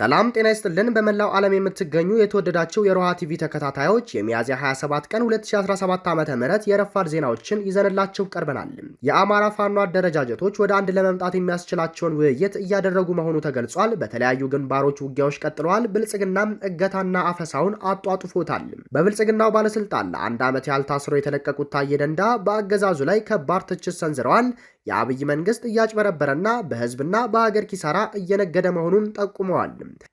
ሰላም ጤና ይስጥልን። በመላው ዓለም የምትገኙ የተወደዳቸው የሮሃ ቲቪ ተከታታዮች የሚያዝያ 27 ቀን 2017 ዓ ም የረፋድ ዜናዎችን ይዘንላቸው ቀርበናል። የአማራ ፋኖ አደረጃጀቶች ወደ አንድ ለመምጣት የሚያስችላቸውን ውይይት እያደረጉ መሆኑ ተገልጿል። በተለያዩ ግንባሮች ውጊያዎች ቀጥለዋል። ብልጽግናም እገታና አፈሳውን አጧጡፎታል። በብልጽግናው ባለስልጣን ለአንድ ዓመት ያህል ታስረው የተለቀቁት ታዬ ደንዳ በአገዛዙ ላይ ከባድ ትችት ሰንዝረዋል። የአብይ መንግስት እያጭበረበረና በህዝብና በሀገር ኪሳራ እየነገደ መሆኑን ጠቁመዋል።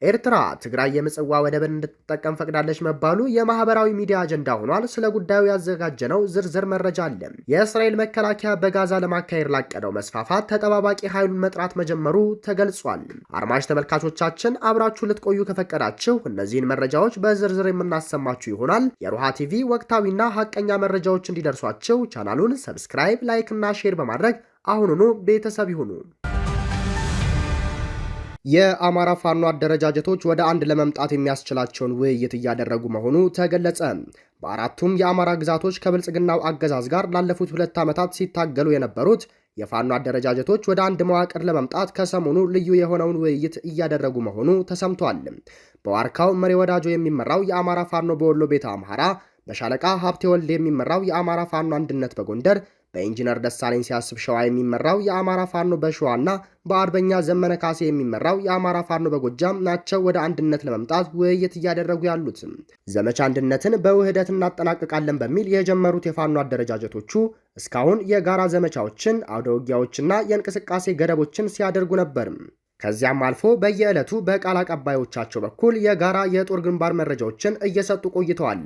ኤርትራ ትግራይ የምጽዋ ወደብን እንድትጠቀም ፈቅዳለች መባሉ የማህበራዊ ሚዲያ አጀንዳ ሆኗል። ስለ ጉዳዩ ያዘጋጀነው ዝርዝር መረጃ አለ። የእስራኤል መከላከያ በጋዛ ለማካሄድ ላቀደው መስፋፋት ተጠባባቂ ኃይሉን መጥራት መጀመሩ ተገልጿል። አድማጭ ተመልካቾቻችን አብራችሁ ልትቆዩ ከፈቀዳችሁ እነዚህን መረጃዎች በዝርዝር የምናሰማችሁ ይሆናል። የሮሃ ቲቪ ወቅታዊና ሀቀኛ መረጃዎች እንዲደርሷችሁ ቻናሉን ሰብስክራይብ፣ ላይክ እና ሼር በማድረግ አሁን ቤተሰብ ይሁኑ። የአማራ ፋኖ አደረጃጀቶች ወደ አንድ ለመምጣት የሚያስችላቸውን ውይይት እያደረጉ መሆኑ ተገለጸ። በአራቱም የአማራ ግዛቶች ከብልጽግናው አገዛዝ ጋር ላለፉት ሁለት ዓመታት ሲታገሉ የነበሩት የፋኖ አደረጃጀቶች ወደ አንድ መዋቅር ለመምጣት ከሰሞኑ ልዩ የሆነውን ውይይት እያደረጉ መሆኑ ተሰምቷል። በዋርካው መሪ ወዳጆ የሚመራው የአማራ ፋኖ በወሎ ቤተ አምሐራ፣ በሻለቃ ሀብቴ ወልድ የሚመራው የአማራ ፋኖ አንድነት በጎንደር በኢንጂነር ደሳለኝ ሲያስብ ሸዋ የሚመራው የአማራ ፋኖ በሸዋና በአርበኛ ዘመነ ካሴ የሚመራው የአማራ ፋኖ በጎጃም ናቸው ወደ አንድነት ለመምጣት ውይይት እያደረጉ ያሉት። ዘመቻ አንድነትን በውህደት እናጠናቅቃለን በሚል የጀመሩት የፋኖ አደረጃጀቶቹ እስካሁን የጋራ ዘመቻዎችን፣ አውደውጊያዎችና የእንቅስቃሴ ገደቦችን ሲያደርጉ ነበር። ከዚያም አልፎ በየዕለቱ በቃል አቀባዮቻቸው በኩል የጋራ የጦር ግንባር መረጃዎችን እየሰጡ ቆይተዋል።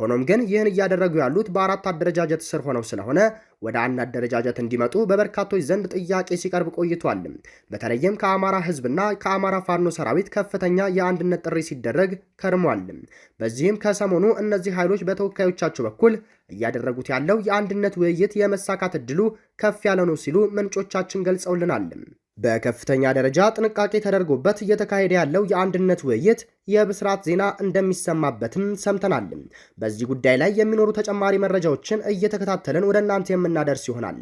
ሆኖም ግን ይህን እያደረጉ ያሉት በአራት አደረጃጀት ስር ሆነው ስለሆነ ወደ አንድ አደረጃጀት እንዲመጡ በበርካቶች ዘንድ ጥያቄ ሲቀርብ ቆይቷል። በተለይም ከአማራ ሕዝብና ከአማራ ፋኖ ሰራዊት ከፍተኛ የአንድነት ጥሪ ሲደረግ ከርሟል። በዚህም ከሰሞኑ እነዚህ ኃይሎች በተወካዮቻቸው በኩል እያደረጉት ያለው የአንድነት ውይይት የመሳካት እድሉ ከፍ ያለ ነው ሲሉ ምንጮቻችን ገልጸውልናል። በከፍተኛ ደረጃ ጥንቃቄ ተደርጎበት እየተካሄደ ያለው የአንድነት ውይይት የብስራት ዜና እንደሚሰማበትም ሰምተናል። በዚህ ጉዳይ ላይ የሚኖሩ ተጨማሪ መረጃዎችን እየተከታተልን ወደ እናንተ የምናደርስ ይሆናል።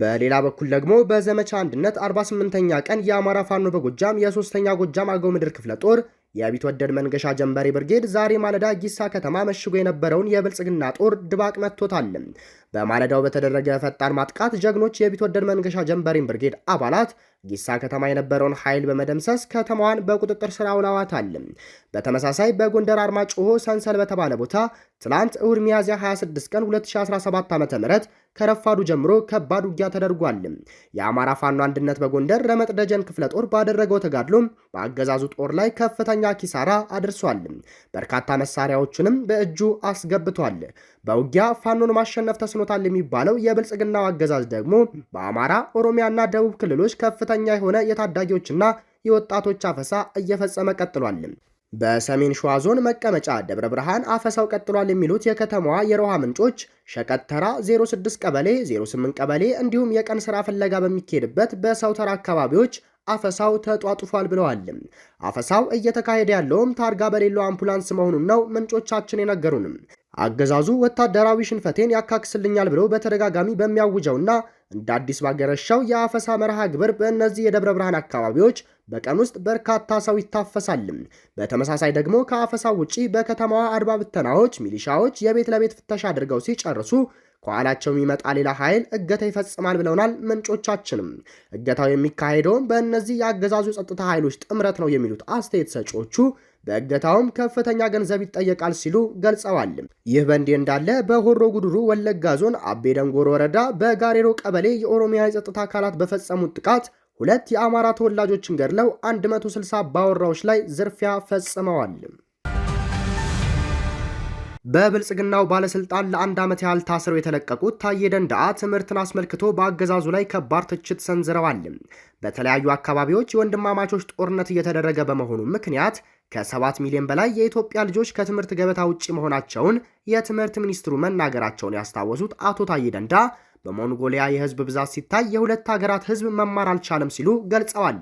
በሌላ በኩል ደግሞ በዘመቻ አንድነት 48ኛ ቀን የአማራ ፋኖ በጎጃም የሶስተኛ ጎጃም አገው ምድር ክፍለ ጦር የቢት ወደድ መንገሻ ጀንበሬ ብርጌድ ዛሬ ማለዳ ጊሳ ከተማ መሽጎ የነበረውን የብልጽግና ጦር ድባቅ መጥቶታል። በማለዳው በተደረገ ፈጣን ማጥቃት ጀግኖች ወደድ መንገሻ ጀንበሪን ብርጌድ አባላት ጊሳ ከተማ የነበረውን ኃይል በመደምሰስ ከተማዋን በቁጥጥር ስር አውለዋታል። በተመሳሳይ በጎንደር አርማጭሆ ሰንሰል በተባለ ቦታ ትላንት እሁድ ሚያዝያ 26 ቀን 2017 ዓ.ም ከረፋዱ ጀምሮ ከባድ ውጊያ ተደርጓል። የአማራ ፋኖ አንድነት በጎንደር ረመጥ ደጀን ክፍለ ጦር ባደረገው ተጋድሎ በአገዛዙ ጦር ላይ ከፍተኛ ኪሳራ አድርሷል። በርካታ መሳሪያዎችንም በእጁ አስገብቷል። በውጊያ ፋኖን ማሸነፍ ተስኖታል የሚባለው የብልጽግናው አገዛዝ ደግሞ በአማራ ኦሮሚያና ደቡብ ክልሎች ከፍተኛ የሆነ የታዳጊዎችና የወጣቶች አፈሳ እየፈጸመ ቀጥሏል። በሰሜን ሸዋ ዞን መቀመጫ ደብረ ብርሃን አፈሳው ቀጥሏል የሚሉት የከተማዋ የሮሃ ምንጮች ሸቀተራ 06 ቀበሌ፣ 08 ቀበሌ እንዲሁም የቀን ስራ ፍለጋ በሚካሄድበት በሰው ተራ አካባቢዎች አፈሳው ተጧጡፏል ብለዋል። አፈሳው እየተካሄደ ያለውም ታርጋ በሌለው አምቡላንስ መሆኑን ነው ምንጮቻችን የነገሩንም። አገዛዙ ወታደራዊ ሽንፈቴን ያካክስልኛል ብሎ በተደጋጋሚ በሚያውጀውና እንደ አዲስ ባገረሻው የአፈሳ መርሃ ግብር በእነዚህ የደብረ ብርሃን አካባቢዎች በቀን ውስጥ በርካታ ሰው ይታፈሳል። በተመሳሳይ ደግሞ ከአፈሳ ውጪ በከተማዋ አድባ ብተናዎች፣ ሚሊሻዎች የቤት ለቤት ፍተሻ አድርገው ሲጨርሱ ከኋላቸው የሚመጣ ሌላ ኃይል እገታ ይፈጽማል ብለውናል ምንጮቻችንም። እገታው የሚካሄደው በእነዚህ የአገዛዙ ጸጥታ ኃይሎች ጥምረት ነው የሚሉት አስተያየት ሰጪዎቹ በእገታውም ከፍተኛ ገንዘብ ይጠየቃል ሲሉ ገልጸዋል። ይህ በእንዲህ እንዳለ በሆሮ ጉድሩ ወለጋ ዞን አቤ ደንጎሮ ወረዳ በጋሬሮ ቀበሌ የኦሮሚያ የጸጥታ አካላት በፈጸሙት ጥቃት ሁለት የአማራ ተወላጆችን ገድለው 160 ባወራዎች ላይ ዝርፊያ ፈጽመዋል። በብልጽግናው ባለስልጣን ለአንድ ዓመት ያህል ታስረው የተለቀቁት ታዬ ትምህርትን አስመልክቶ በአገዛዙ ላይ ከባድ ትችት ሰንዝረዋል። በተለያዩ አካባቢዎች የወንድማማቾች ጦርነት እየተደረገ በመሆኑ ምክንያት ከሰባት ሚሊዮን በላይ የኢትዮጵያ ልጆች ከትምህርት ገበታ ውጭ መሆናቸውን የትምህርት ሚኒስትሩ መናገራቸውን ያስታወሱት አቶ ታዬ በሞንጎሊያ የህዝብ ብዛት ሲታይ የሁለት ሀገራት ህዝብ መማር አልቻለም ሲሉ ገልጸዋል።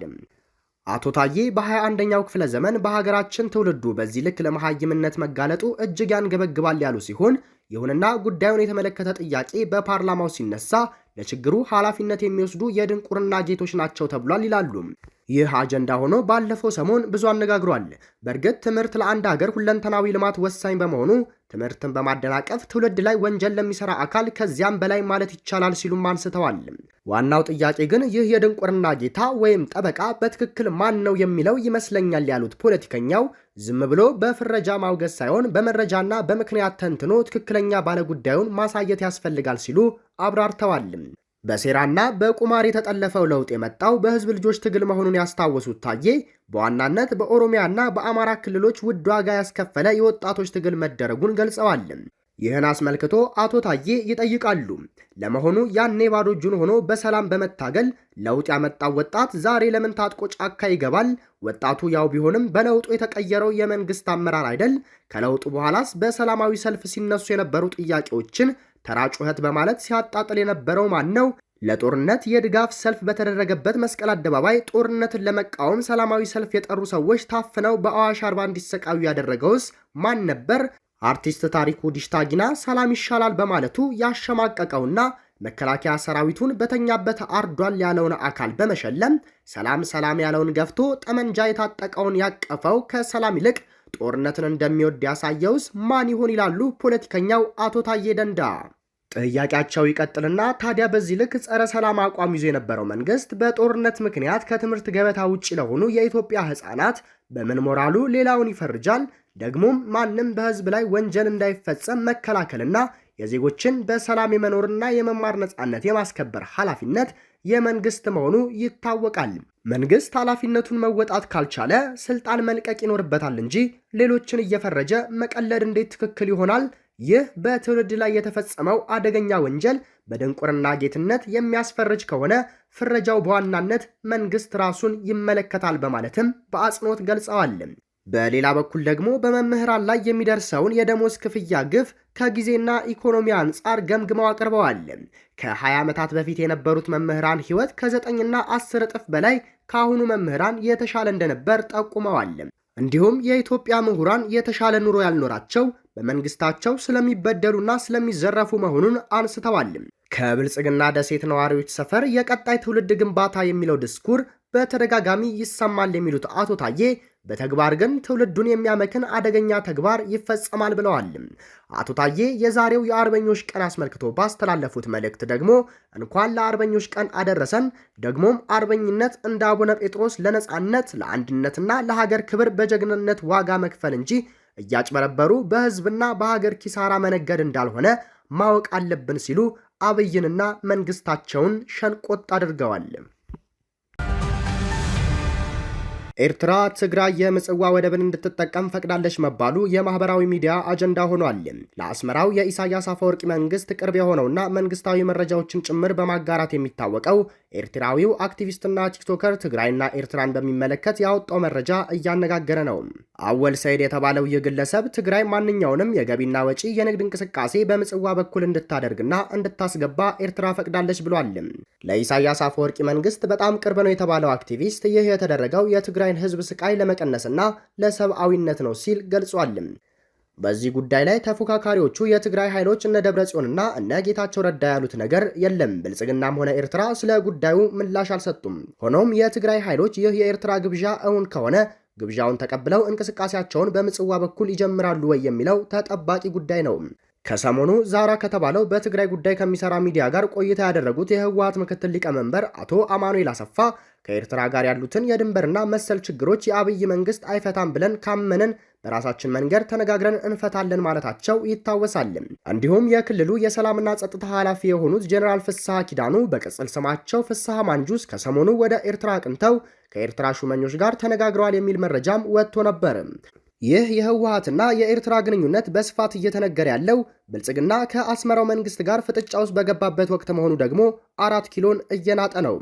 አቶ ታዬ በ21ኛው ክፍለ ዘመን በሀገራችን ትውልዱ በዚህ ልክ ለመሐይምነት መጋለጡ እጅግ ያንገበግባል ያሉ ሲሆን ይሁንና ጉዳዩን የተመለከተ ጥያቄ በፓርላማው ሲነሳ ለችግሩ ኃላፊነት የሚወስዱ የድንቁርና ጌቶች ናቸው ተብሏል ይላሉ። ይህ አጀንዳ ሆኖ ባለፈው ሰሞን ብዙ አነጋግሯል። በእርግጥ ትምህርት ለአንድ ሀገር ሁለንተናዊ ልማት ወሳኝ በመሆኑ ትምህርትን በማደናቀፍ ትውልድ ላይ ወንጀል ለሚሰራ አካል ከዚያም በላይ ማለት ይቻላል ሲሉም አንስተዋል። ዋናው ጥያቄ ግን ይህ የድንቁርና ጌታ ወይም ጠበቃ በትክክል ማን ነው የሚለው ይመስለኛል ያሉት ፖለቲከኛው ዝም ብሎ በፍረጃ ማውገዝ ሳይሆን በመረጃና በምክንያት ተንትኖ ትክክለኛ ባለጉዳዩን ማሳየት ያስፈልጋል ሲሉ አብራርተዋል። በሴራና በቁማር የተጠለፈው ለውጥ የመጣው በህዝብ ልጆች ትግል መሆኑን ያስታወሱት ታዬ በዋናነት በኦሮሚያና በአማራ ክልሎች ውድ ዋጋ ያስከፈለ የወጣቶች ትግል መደረጉን ገልጸዋል። ይህን አስመልክቶ አቶ ታዬ ይጠይቃሉ። ለመሆኑ ያኔ ባዶ እጁን ሆኖ በሰላም በመታገል ለውጥ ያመጣው ወጣት ዛሬ ለምን ታጥቆ ጫካ ይገባል? ወጣቱ ያው ቢሆንም በለውጡ የተቀየረው የመንግስት አመራር አይደል? ከለውጡ በኋላስ በሰላማዊ ሰልፍ ሲነሱ የነበሩ ጥያቄዎችን ተራ ጩኸት በማለት ሲያጣጥል የነበረው ማን ነው? ለጦርነት የድጋፍ ሰልፍ በተደረገበት መስቀል አደባባይ ጦርነትን ለመቃወም ሰላማዊ ሰልፍ የጠሩ ሰዎች ታፍነው በአዋሽ አርባ እንዲሰቃዩ ያደረገውስ ማን ነበር? አርቲስት ታሪኩ ዲሽታጊና ሰላም ይሻላል በማለቱ ያሸማቀቀውና መከላከያ ሰራዊቱን በተኛበት አርዷል ያለውን አካል በመሸለም ሰላም ሰላም ያለውን ገፍቶ ጠመንጃ የታጠቀውን ያቀፈው ከሰላም ይልቅ ጦርነትን እንደሚወድ ያሳየውስ ማን ይሆን ይላሉ ፖለቲከኛው አቶ ታዬ ደንዳ። ጥያቄያቸው ይቀጥልና ታዲያ በዚህ ልክ ጸረ ሰላም አቋም ይዞ የነበረው መንግስት በጦርነት ምክንያት ከትምህርት ገበታ ውጭ ለሆኑ የኢትዮጵያ ህጻናት በምን ሞራሉ ሌላውን ይፈርጃል? ደግሞም ማንም በህዝብ ላይ ወንጀል እንዳይፈጸም መከላከልና የዜጎችን በሰላም የመኖርና የመማር ነጻነት የማስከበር ኃላፊነት የመንግስት መሆኑ ይታወቃል። መንግስት ኃላፊነቱን መወጣት ካልቻለ ስልጣን መልቀቅ ይኖርበታል እንጂ ሌሎችን እየፈረጀ መቀለድ እንዴት ትክክል ይሆናል? ይህ በትውልድ ላይ የተፈጸመው አደገኛ ወንጀል በድንቁርና ጌትነት የሚያስፈርጅ ከሆነ ፍረጃው በዋናነት መንግስት ራሱን ይመለከታል በማለትም በአጽንኦት ገልጸዋል። በሌላ በኩል ደግሞ በመምህራን ላይ የሚደርሰውን የደሞዝ ክፍያ ግፍ ከጊዜና ኢኮኖሚ አንጻር ገምግመው አቅርበዋል። ከ20 ዓመታት በፊት የነበሩት መምህራን 9 ከዘጠኝና 10 እጥፍ በላይ ከአሁኑ መምህራን የተሻለ እንደነበር ጠቁመዋል። እንዲሁም የኢትዮጵያ ምሁራን የተሻለ ኑሮ ያልኖራቸው በመንግስታቸው ስለሚበደሉና ስለሚዘረፉ መሆኑን አንስተዋል። ከብልጽግና ደሴት ነዋሪዎች ሰፈር የቀጣይ ትውልድ ግንባታ የሚለው ድስኩር በተደጋጋሚ ይሰማል የሚሉት አቶ ታዬ በተግባር ግን ትውልዱን የሚያመክን አደገኛ ተግባር ይፈጸማል ብለዋል። አቶ ታዬ የዛሬው የአርበኞች ቀን አስመልክቶ ባስተላለፉት መልእክት ደግሞ እንኳን ለአርበኞች ቀን አደረሰን፣ ደግሞም አርበኝነት እንደ አቡነ ጴጥሮስ ለነጻነት ለአንድነትና ለሀገር ክብር በጀግንነት ዋጋ መክፈል እንጂ እያጭበረበሩ በህዝብና በሀገር ኪሳራ መነገድ እንዳልሆነ ማወቅ አለብን ሲሉ አብይንና መንግስታቸውን ሸንቆጥ አድርገዋል። ኤርትራ ትግራይ የምጽዋ ወደብን እንድትጠቀም ፈቅዳለች መባሉ የማህበራዊ ሚዲያ አጀንዳ ሆኗል። ለአስመራው የኢሳያስ አፈወርቂ መንግስት ቅርብ የሆነውና መንግስታዊ መረጃዎችን ጭምር በማጋራት የሚታወቀው ኤርትራዊው አክቲቪስትና ቲክቶከር ትግራይና ኤርትራን በሚመለከት ያወጣው መረጃ እያነጋገረ ነው። አወል ሰይድ የተባለው ይህ ግለሰብ ትግራይ ማንኛውንም የገቢና ወጪ የንግድ እንቅስቃሴ በምጽዋ በኩል እንድታደርግና እንድታስገባ ኤርትራ ፈቅዳለች ብሏል። ለኢሳያስ አፈወርቂ መንግስት በጣም ቅርብ ነው የተባለው አክቲቪስት ይህ የተደረገው የትግራይን ህዝብ ስቃይ ለመቀነስና ለሰብአዊነት ነው ሲል ገልጿል። በዚህ ጉዳይ ላይ ተፎካካሪዎቹ የትግራይ ኃይሎች እነ ጽዮንና እነ ጌታቸው ረዳ ያሉት ነገር የለም፣ ብልጽግናም ሆነ ኤርትራ ስለ ጉዳዩ ምላሽ አልሰጡም። ሆኖም የትግራይ ኃይሎች ይህ የኤርትራ ግብዣ እውን ከሆነ ግብዣውን ተቀብለው እንቅስቃሴያቸውን በምጽዋ በኩል ይጀምራሉ ወይ የሚለው ተጠባቂ ጉዳይ ነው። ከሰሞኑ ዛራ ከተባለው በትግራይ ጉዳይ ከሚሰራ ሚዲያ ጋር ቆይታ ያደረጉት የህወሀት ምክትል ሊቀመንበር አቶ አማኑኤል አሰፋ ከኤርትራ ጋር ያሉትን የድንበርና መሰል ችግሮች የአብይ መንግስት አይፈታም ብለን ካመንን በራሳችን መንገድ ተነጋግረን እንፈታለን ማለታቸው ይታወሳል። እንዲሁም የክልሉ የሰላምና ጸጥታ ኃላፊ የሆኑት ጀኔራል ፍስሐ ኪዳኑ በቅጽል ስማቸው ፍስሐ ማንጁስ ከሰሞኑ ወደ ኤርትራ አቅንተው ከኤርትራ ሹመኞች ጋር ተነጋግረዋል የሚል መረጃም ወጥቶ ነበር። ይህ የህወሀትና የኤርትራ ግንኙነት በስፋት እየተነገረ ያለው ብልጽግና ከአስመራው መንግስት ጋር ፍጥጫ ውስጥ በገባበት ወቅት መሆኑ ደግሞ አራት ኪሎን እየናጠ ነው።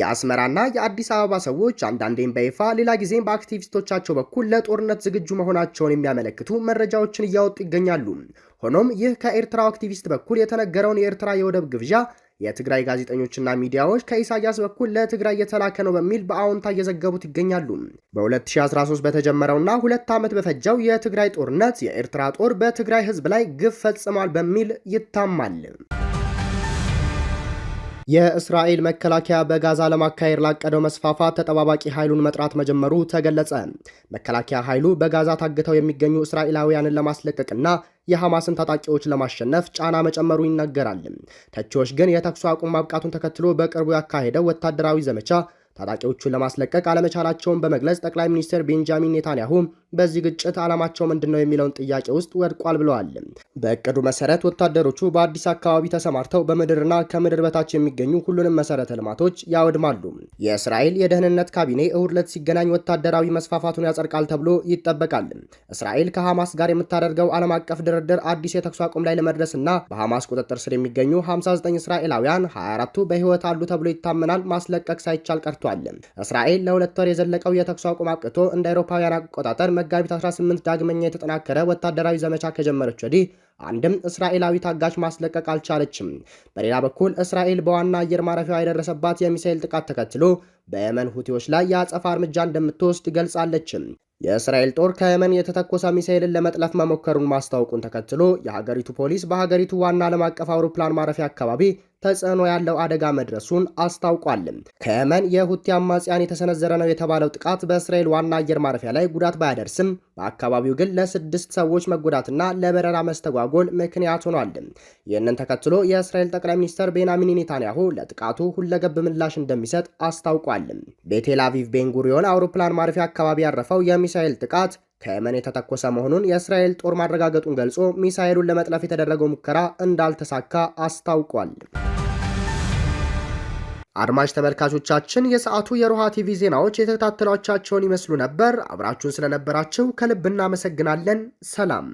የአስመራና የአዲስ አበባ ሰዎች አንዳንዴም በይፋ ሌላ ጊዜም በአክቲቪስቶቻቸው በኩል ለጦርነት ዝግጁ መሆናቸውን የሚያመለክቱ መረጃዎችን እያወጡ ይገኛሉ። ሆኖም ይህ ከኤርትራው አክቲቪስት በኩል የተነገረውን የኤርትራ የወደብ ግብዣ የትግራይ ጋዜጠኞችና ሚዲያዎች ከኢሳያስ በኩል ለትግራይ የተላከ ነው በሚል በአዎንታ እየዘገቡት ይገኛሉ። በ2013 በተጀመረውና ሁለት ዓመት በፈጀው የትግራይ ጦርነት የኤርትራ ጦር በትግራይ ሕዝብ ላይ ግፍ ፈጽሟል በሚል ይታማል። የእስራኤል መከላከያ በጋዛ ለማካሄድ ላቀደው መስፋፋት ተጠባባቂ ኃይሉን መጥራት መጀመሩ ተገለጸ። መከላከያ ኃይሉ በጋዛ ታግተው የሚገኙ እስራኤላውያንን ለማስለቀቅና የሐማስን ታጣቂዎች ለማሸነፍ ጫና መጨመሩ ይነገራል። ተቺዎች ግን የተኩስ አቁም ማብቃቱን ተከትሎ በቅርቡ ያካሄደው ወታደራዊ ዘመቻ ታጣቂዎቹን ለማስለቀቅ አለመቻላቸውን በመግለጽ ጠቅላይ ሚኒስትር ቤንጃሚን ኔታንያሁ በዚህ ግጭት ዓላማቸው ምንድን ነው የሚለውን ጥያቄ ውስጥ ወድቋል ብለዋል። በእቅዱ መሰረት ወታደሮቹ በአዲስ አካባቢ ተሰማርተው በምድርና ከምድር በታች የሚገኙ ሁሉንም መሰረተ ልማቶች ያወድማሉ። የእስራኤል የደህንነት ካቢኔ እሁድ ዕለት ሲገናኝ ወታደራዊ መስፋፋቱን ያጸድቃል ተብሎ ይጠበቃል። እስራኤል ከሐማስ ጋር የምታደርገው ዓለም አቀፍ ድርድር አዲስ የተኩስ አቁም ላይ ለመድረስና በሐማስ ቁጥጥር ስር የሚገኙ 59 እስራኤላውያን 24ቱ በሕይወት አሉ ተብሎ ይታመናል ማስለቀቅ ሳይቻል ቀርቷል። ተከስቷል። እስራኤል ለሁለት ወር የዘለቀው የተኩስ አቁም አብቅቶ እንደ አውሮፓውያን አቆጣጠር መጋቢት 18 ዳግመኛ የተጠናከረ ወታደራዊ ዘመቻ ከጀመረች ወዲህ አንድም እስራኤላዊ ታጋች ማስለቀቅ አልቻለችም። በሌላ በኩል እስራኤል በዋና አየር ማረፊያ የደረሰባት የሚሳኤል ጥቃት ተከትሎ በየመን ሁቲዎች ላይ የአጸፋ እርምጃ እንደምትወስድ ገልጻለችም። የእስራኤል ጦር ከየመን የተተኮሰ ሚሳኤልን ለመጥለፍ መሞከሩን ማስታወቁን ተከትሎ የሀገሪቱ ፖሊስ በሀገሪቱ ዋና ዓለም አቀፍ አውሮፕላን ማረፊያ አካባቢ ተጽዕኖ ያለው አደጋ መድረሱን አስታውቋል። ከየመን የሁቲ አማጽያን የተሰነዘረ ነው የተባለው ጥቃት በእስራኤል ዋና አየር ማረፊያ ላይ ጉዳት ባያደርስም በአካባቢው ግን ለስድስት ሰዎች መጎዳትና ለበረራ መስተጓጎል ምክንያት ሆኗል። ይህንን ተከትሎ የእስራኤል ጠቅላይ ሚኒስትር ቤንያሚን ኔታንያሁ ለጥቃቱ ሁለገብ ምላሽ እንደሚሰጥ አስታውቋል። በቴል አቪቭ ቤንጉሪዮን አውሮፕላን ማረፊያ አካባቢ ያረፈው የሚሳኤል ጥቃት ከየመን የተተኮሰ መሆኑን የእስራኤል ጦር ማረጋገጡን ገልጾ ሚሳኤሉን ለመጥለፍ የተደረገው ሙከራ እንዳልተሳካ አስታውቋል። አድማጭ ተመልካቾቻችን የሰዓቱ የሮሃ ቲቪ ዜናዎች የተከታተሏቻቸውን ይመስሉ ነበር። አብራችሁን ስለነበራችሁ ከልብ እናመሰግናለን። ሰላም